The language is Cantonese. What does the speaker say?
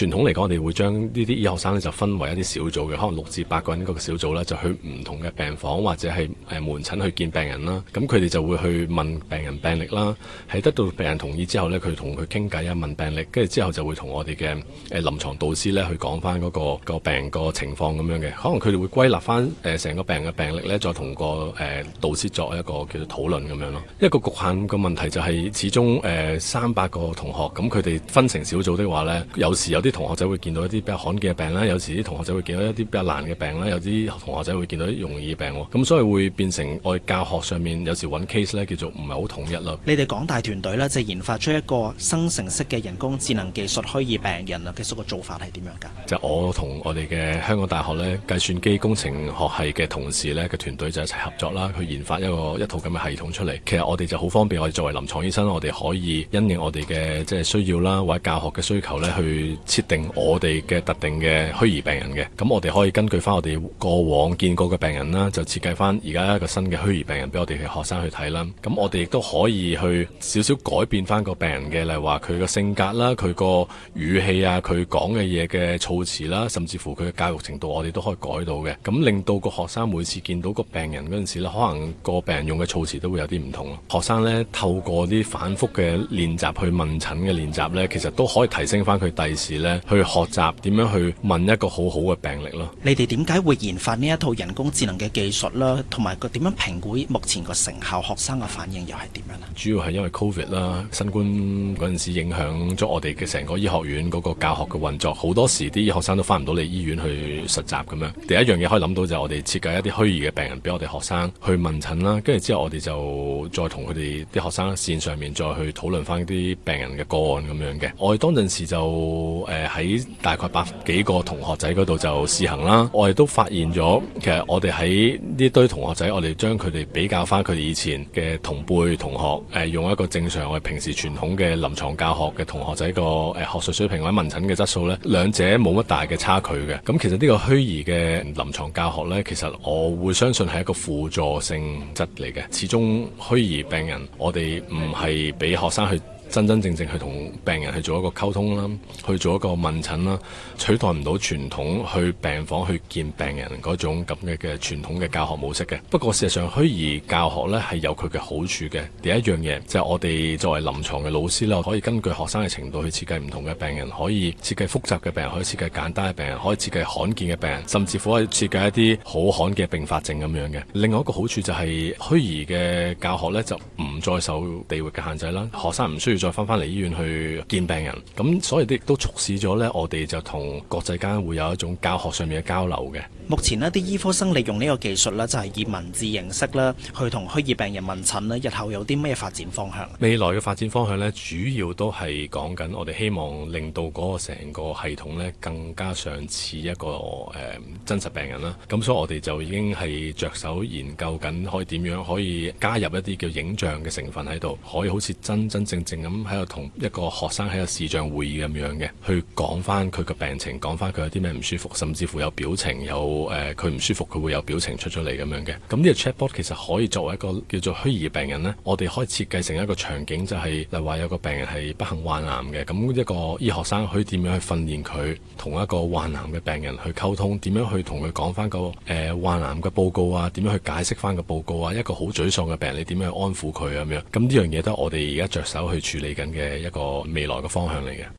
傳統嚟講，我哋會將呢啲醫學生咧就分為一啲小組嘅，可能六至八個人嗰個小組咧就去唔同嘅病房或者係誒門診去見病人啦。咁佢哋就會去問病人病歷啦，喺得到病人同意之後呢，佢同佢傾偈啊，問病歷，跟住之後就會同我哋嘅誒臨床導師呢去講翻嗰個個病個情況咁樣嘅。可能佢哋會歸納翻成個病嘅病歷呢，再同個誒、呃、導師作一個叫做討論咁樣咯。一個局限個問題就係始終誒三百個同學咁，佢哋分成小組的話呢，有時有啲同學仔會見到一啲比較罕見嘅病啦。有時啲同學仔會見到一啲比較難嘅病啦。有啲同學仔會見到啲容易嘅病喎，咁所以會變成我哋教學上面有時揾 case 咧，叫做唔係好統一咯。你哋港大團隊咧，就係研發出一個生成式嘅人工智能技術虛擬病人嘅咁個做法係點樣㗎？就我同我哋嘅香港大學咧計算機工程學系嘅同事咧嘅團隊就一齊合作啦，去研發一個一套咁嘅系統出嚟。其實我哋就好方便，我哋作為臨床醫生，我哋可以因應我哋嘅即係需要啦，或者教學嘅需求咧去，定我哋嘅特定嘅虛擬病人嘅，咁我哋可以根據翻我哋過往見過嘅病人啦，就設計翻而家一個新嘅虛擬病人俾我哋嘅學生去睇啦。咁我哋亦都可以去少少改變翻個病人嘅，例如話佢個性格啦、佢個語氣啊、佢講嘅嘢嘅措辭啦，甚至乎佢嘅教育程度，我哋都可以改到嘅。咁令到個學生每次見到個病人嗰陣時，可能個病人用嘅措辭都會有啲唔同。學生呢，透過啲反覆嘅練習去問診嘅練習呢，其實都可以提升翻佢第時。去學習點樣去問一個好好嘅病歷咯。你哋點解會研發呢一套人工智能嘅技術啦？同埋佢點樣評估目前個成效？學生嘅反應又係點樣啊？主要係因為 Covid 啦，新冠嗰陣時影響咗我哋嘅成個醫學院嗰個教學嘅運作，好多時啲學生都翻唔到嚟醫院去實習咁樣。第一樣嘢可以諗到就係我哋設計一啲虛擬嘅病人俾我哋學生去問診啦，跟住之後我哋就再同佢哋啲學生線上面再去討論翻啲病人嘅個案咁樣嘅。我哋當陣時就～誒喺大概百幾個同學仔嗰度就試行啦，我哋都發現咗，其實我哋喺呢堆同學仔，我哋將佢哋比較翻佢哋以前嘅同輩同學，誒用一個正常我哋平時傳統嘅臨床教學嘅同學仔個誒學術水平或者問診嘅質素呢，兩者冇乜大嘅差距嘅。咁其實呢個虛擬嘅臨床教學呢，其實我會相信係一個輔助性質嚟嘅，始終虛擬病人我哋唔係俾學生去。真真正正去同病人去做一個溝通啦，去做一個問診啦，取代唔到傳統去病房去見病人嗰種咁嘅嘅傳統嘅教學模式嘅。不過事實上虛擬教學咧係有佢嘅好處嘅。第一樣嘢就係我哋作為臨床嘅老師啦，可以根據學生嘅程度去設計唔同嘅病人，可以設計複雜嘅病人，可以設計簡單嘅病人，可以設計罕見嘅病人，甚至乎可以設計一啲好罕嘅併發症咁樣嘅。另外一個好處就係虛擬嘅教學咧就唔再受地域嘅限制啦，學生唔需要。再返返嚟醫院去見病人，咁所以亦都促使咗呢，我哋就同國際間會有一種教學上面嘅交流嘅。目前呢啲醫科生利用呢個技術咧，就係、是、以文字形式啦，去同虛擬病人問診咧。日後有啲咩發展方向呢？未來嘅發展方向呢，主要都係講緊，我哋希望令到嗰個成個系統呢更加上似一個誒、呃、真實病人啦。咁所以，我哋就已經係着手研究緊，可以點樣可以加入一啲叫影像嘅成分喺度，可以好似真真正正咁喺度同一個學生喺個視像會議咁樣嘅，去講翻佢嘅病情，講翻佢有啲咩唔舒服，甚至乎有表情有。誒，佢唔、呃、舒服，佢會有表情出咗嚟咁樣嘅。咁呢個 Chatbot 其實可以作為一個叫做虛擬病人呢，我哋可以設計成一個場景，就係例如話有個病人係不幸患癌嘅。咁一個醫學生可以點樣去訓練佢同一個患癌嘅病人去溝通？點樣去同佢講翻個誒、呃、患癌嘅報告啊？點樣去解釋翻個報告啊？一個好沮喪嘅病人，你點樣去安撫佢咁樣？咁呢樣嘢都係我哋而家着手去處理緊嘅一個未來嘅方向嚟嘅。